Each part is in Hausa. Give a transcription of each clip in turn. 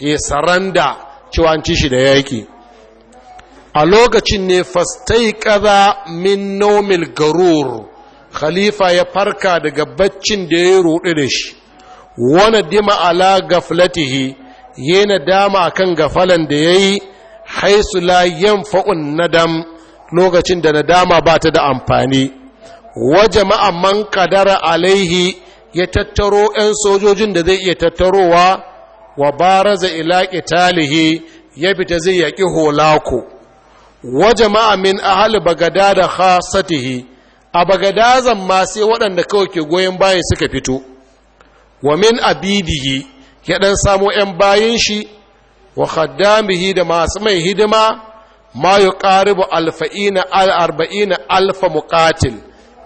ya saranda cewa an ci shi da yaƙi a lokacin ne fastai kaza min nomil garur khalifa ya farka daga baccin da ya ruɗu da shi wani dima ala gaflatihi ya nadama kan gafalan da ya yi haisu la fa'un nadam lokacin da nadama ba ta da amfani wa jama'a man kadara alaihi ya tattaro 'yan sojojin da zai iya tattarowa wa baraza ila qitalihi ya fita zai yaki holako wa jama'a min ahli da khasatihi a bagadazan ma sai waɗanda kawai ke goyon baya suka fito wa min abidihi ya dan samo 'yan bayan shi wa khaddamihi da masu mai hidima ma yi ƙaribu alfa'ina al'arba'ina alfa muƙatil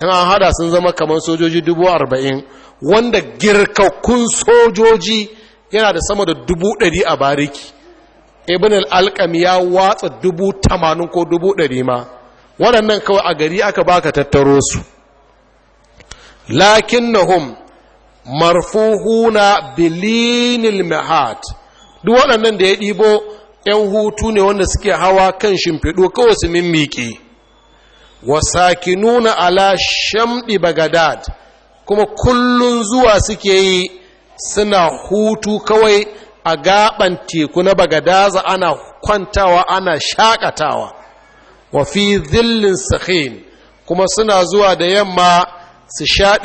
in an hada sun zama kamar sojoji dubu arba'in wanda girkakkun sojoji yana da sama da dubu ɗari a bariki ibn al'alƙam ya watsa dubu tamanin ko dubu ɗari ma waɗannan kawai a gari aka baka tattaro su lakin nahum marfuhuna bilinil mahat duk waɗannan da ya ɗibo ‘yan hutu ne wanda suke hawa kan shimfiɗo kawai su mimmiƙi wasakinuna ala shamɗi bagadad kuma kullum zuwa suke yi suna hutu kawai a gaban teku na bagadaza ana kwantawa ana shakatawa wa fi zillin sahin kuma suna zuwa da yamma su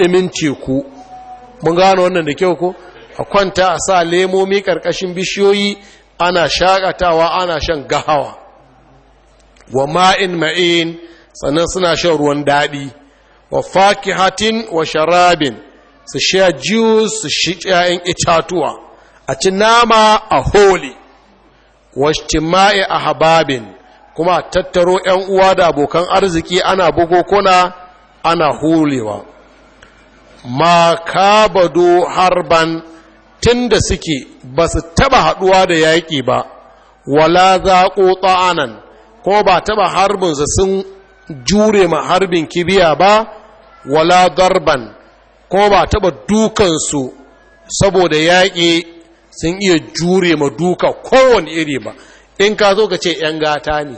min teku mun gano wannan da kyau ko a kwanta a sa lemomi ƙarƙashin bishiyoyi ana shakatawa ana shan gahawa wa ma'in ma'in sannan suna shan ruwan daɗi wa fakihatin wa sharabin su sha juice su shi ‘ya'yan itatuwa a ci nama a holi washtima'i a hababin kuma tattaro ƴan uwa da abokan arziki ana bukukuna ana hulewa ma kabado harban tun da suke ba su taba haɗuwa da yaƙi ba wala zaƙo ta'anan kuma ba taba harbinsa sun jure ma harbin kibiya ba wala garban ko ba taba dukansu saboda yaƙi sun iya jure ma duka kowane iri ba in ka zo ka ce ‘yan gata ne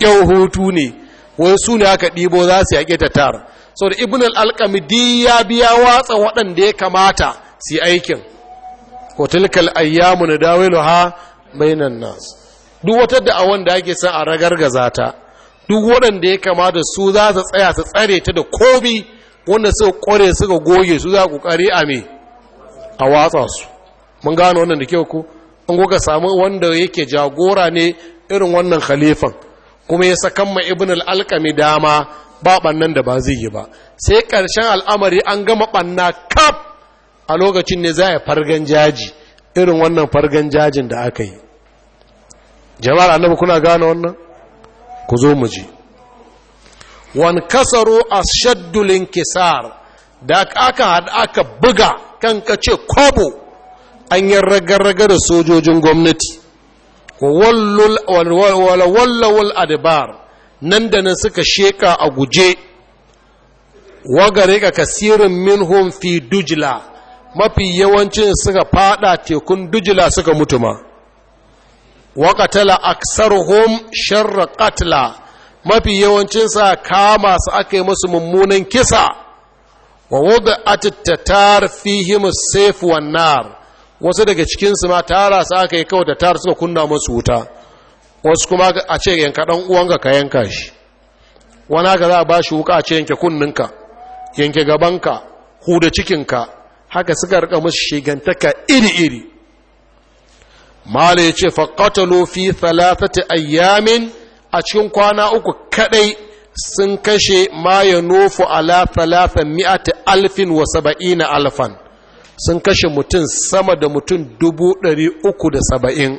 ‘yan hutu ne wai su ne aka ɗibo za su yaƙe ta tara da ibn al'alƙamidi ya biya watsa waɗanda ya kamata su aikin kotilkal ayyamu na dawilu ha bainan nasu duk wata da a wanda ake san a ragar gazata, duk waɗanda ya kamata su za su tsaya su tsare ta da komi wanda suka kware suka goge su za kokari a me a watsa su mun gano wannan da kyau ko an goga samu wanda yake jagora ne irin wannan khalifan kuma ya sakan ma ibn al-alqami dama ba bannan da ba zai yi ba sai karshen al'amari an gama banna kaf a lokacin ne za ya fargan jaji irin wannan fargan jajin da aka yi jama'ar annabi kuna gane wannan ku zo mu ji wan kasaru shaddulin linkisar da aka hada aka buga kan ka ce kobo an yi ragar da sojojin gwamnati wallawal adbar nan da nan suka sheka a guje wagare ka kasirin minhum fi dujla mafi yawancin suka fada tekun dujla suka mutuma. ma aksar aksaruhum sharra qatla mafi yawancinsa kama su aka yi musu mummunan kisa wa nar wasu daga cikinsu ma tara su aka yi kawai da tara suka kunna musu wuta wasu kuma a ce yanka dan uwanka ka yanka shi wani haka za a ba shi wuka a ce yanke kunninka yanke gabanka huda cikinka haka suka rika musu shigantaka iri-iri mala ya ce faƙatalo fi talatata ayyamin a cikin kwana uku kadai sun kashe ma ya nufu ala talata mi'ati alfin wa saba'ina alfan sun kashe mutum sama da mutum dubu ɗari uku da saba'in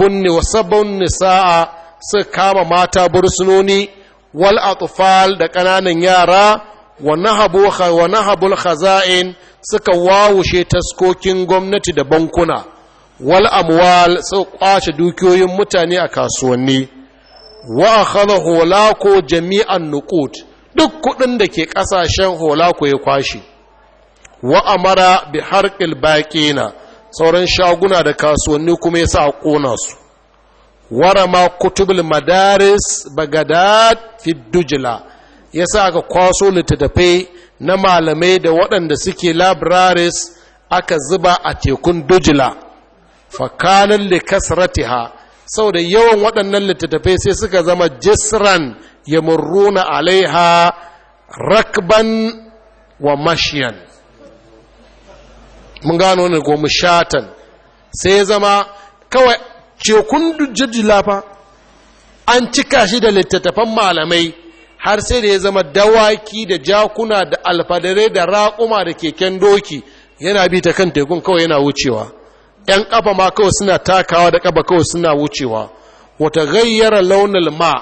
ne nisa'a suka kama mata bursunoni wal atufal da ƙananan yara wa nahabul khaza'in suka wawushe taskokin gwamnati da bankuna wal amwal su kwace dukiyoyin mutane a kasuwanni wa akhadha holako jami'an nuqut duk kudin da ke kasashen holako ya kwashi wa amara bi harqil baqina sauran shaguna da kasuwanni kuma ya sa a kona su warama kutubul madaris bagadat fi dujla ya sa ga kwaso littattafai na malamai da waɗanda suke labraris aka zuba a tekun dujla fakanan li kasratiha da yawan waɗannan littattafai sai suka zama jisran yamurruna alaiha rakban wa mashiyan mun gano ne ko mushatan sai ya zama kawai cekun jijjila fa an cika shi da littattafan malamai har sai da ya zama dawaki da jakuna da alfadare da raƙuma da keken doki yana bi ta kan tekun kawai yana wucewa 'yan ƙafa ma kawai suna takawa da ƙafa kawai suna wucewa wata gayyara launin ma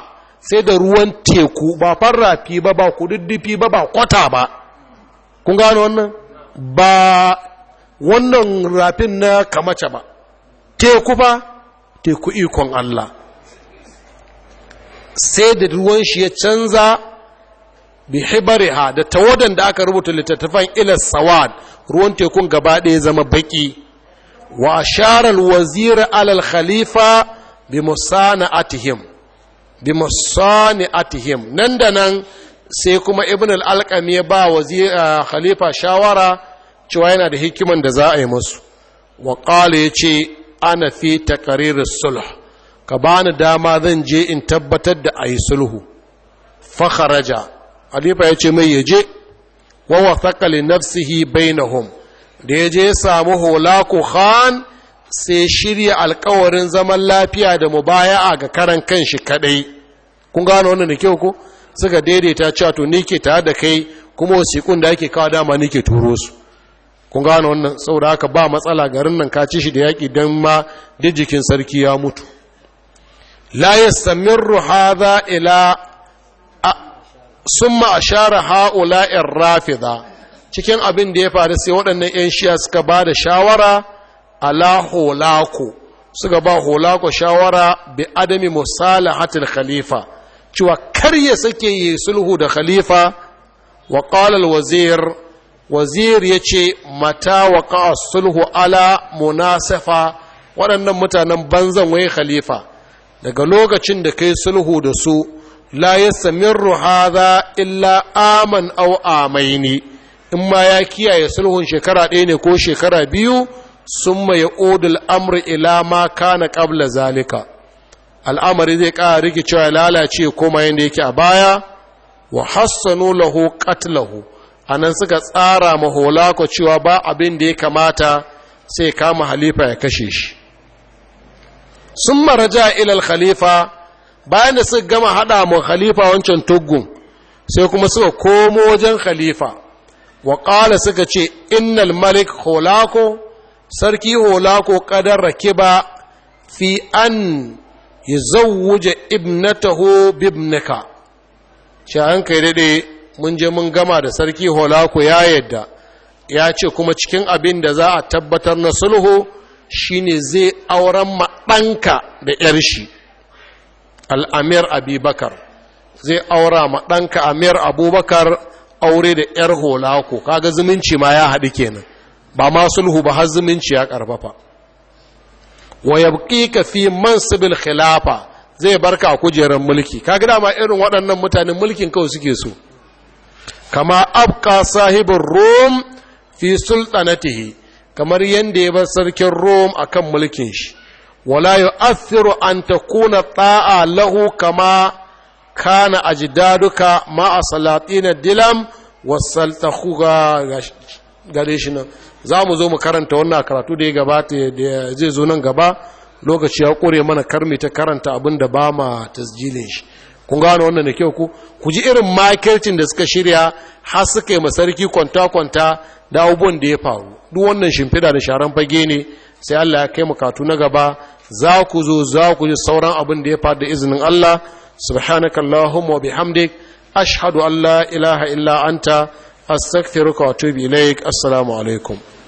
sai da ruwan teku ba farrafi ba ba kududdufi ba ba kwata ba kun gano wannan ba wannan rafin na kamace ba teku ba teku ikon Allah sai da ruwan shi ya canza bi hibariha da tawadan da aka rubuta littattafan ilas sawad ruwan tekun gaba ɗaya zama baki wa sharar wazir alal khalifa bi musana atihim bi atihim nan da nan sai kuma ibn al-alqami ya ba wazir khalifa shawara cewa yana da hikiman da za a yi musu wa qala yace ana fi taqrir sulh ka bani dama zan je in tabbatar da ayi sulhu fa kharaja khalifa yace mai yaje wa wasaqa li nafsihi bainahum da ya je samu holaku khan sai shirya alkawarin zaman lafiya da mubaya'a ga karan kan shi kadai kun gano wannan da kyau ko suka daidaita cewa to ni ke ta da kai kuma wasiƙun da ake kawo dama ni ke turo su kun gano wannan saboda haka ba matsala garin nan ka ci shi da yaƙi dan ma duk jikin sarki ya mutu la yastamirru hadha ila summa ashara haula rafida cikin abin da ya faru sai waɗannan 'yan shiya suka ba da shawara ala holako suka ba holako shawara bi adami musalahatil khalifa cewa kar ya sake yi sulhu da khalifa wa qala wazir wazir ya ce mata wa sulhu ala munasafa waɗannan mutanen banzan wai khalifa daga lokacin da kai sulhu da su la yasamirru hadha illa aman aw amaini in ma ya kiyaye sulhun shekara ɗaya ne ko shekara biyu sun ya odul amri ila ma kana qabla zalika al'amari zai ƙara rikicewa ya lalace koma yadda yake a baya wa hassanu lahu a nan suka tsara mahola ko cewa ba abin da ya kamata sai kama halifa ya kashe shi sun maraja ilal khalifa bayan da suka gama hada mu khalifa wancan tuggun sai kuma suka komo wajen khalifa wa ƙala suka ce innal malik holako sarki holako ƙadar rakiba fi an yi Ibnata ho bibnika ce an kai daɗe mun je mun gama da sarki holako ya yadda ya ce kuma cikin abin da za a tabbatar na sulhu shine zai auren maɗanka da ‘yar shi al'amir abubakar zai aura ma maɗanka amir abubakar aure da ƴar hola ko kaga zumunci ma ya haɗu kenan ba ma sulhu ba har zumunci ya karfafa wa yabqika fi mansibil khilafa zai barka a kujerar mulki kaga dama irin waɗannan mutanen mulkin kawai suke so kama abka sahibin rom fi sultanatihi kamar yadda ya bar sarkin rom akan mulkin shi wala yu'athiru an takuna ta'a lahu kama kana ajdaduka ma a salatina dilam wasaltakhuga gare shi nan za mu zo mu karanta wannan karatu da ya gabata da zai zo nan gaba lokaci ya kore mana karmi ta karanta abin da ba ma tasjilin shi kun gano wannan da kyau ku ku ji irin makircin da suka shirya har suka yi masarki kwanta-kwanta da abubuwan da ya faru duk wannan shimfiɗa da sharan fage ne sai Allah ya kai mu katu na gaba za ku zo za ku ji sauran abin da ya faru da izinin Allah subhanakallahumma wa hamdik ashhadu an la ilaha illa anta astaghfiruka wa atubu ilaik assalamu alaikum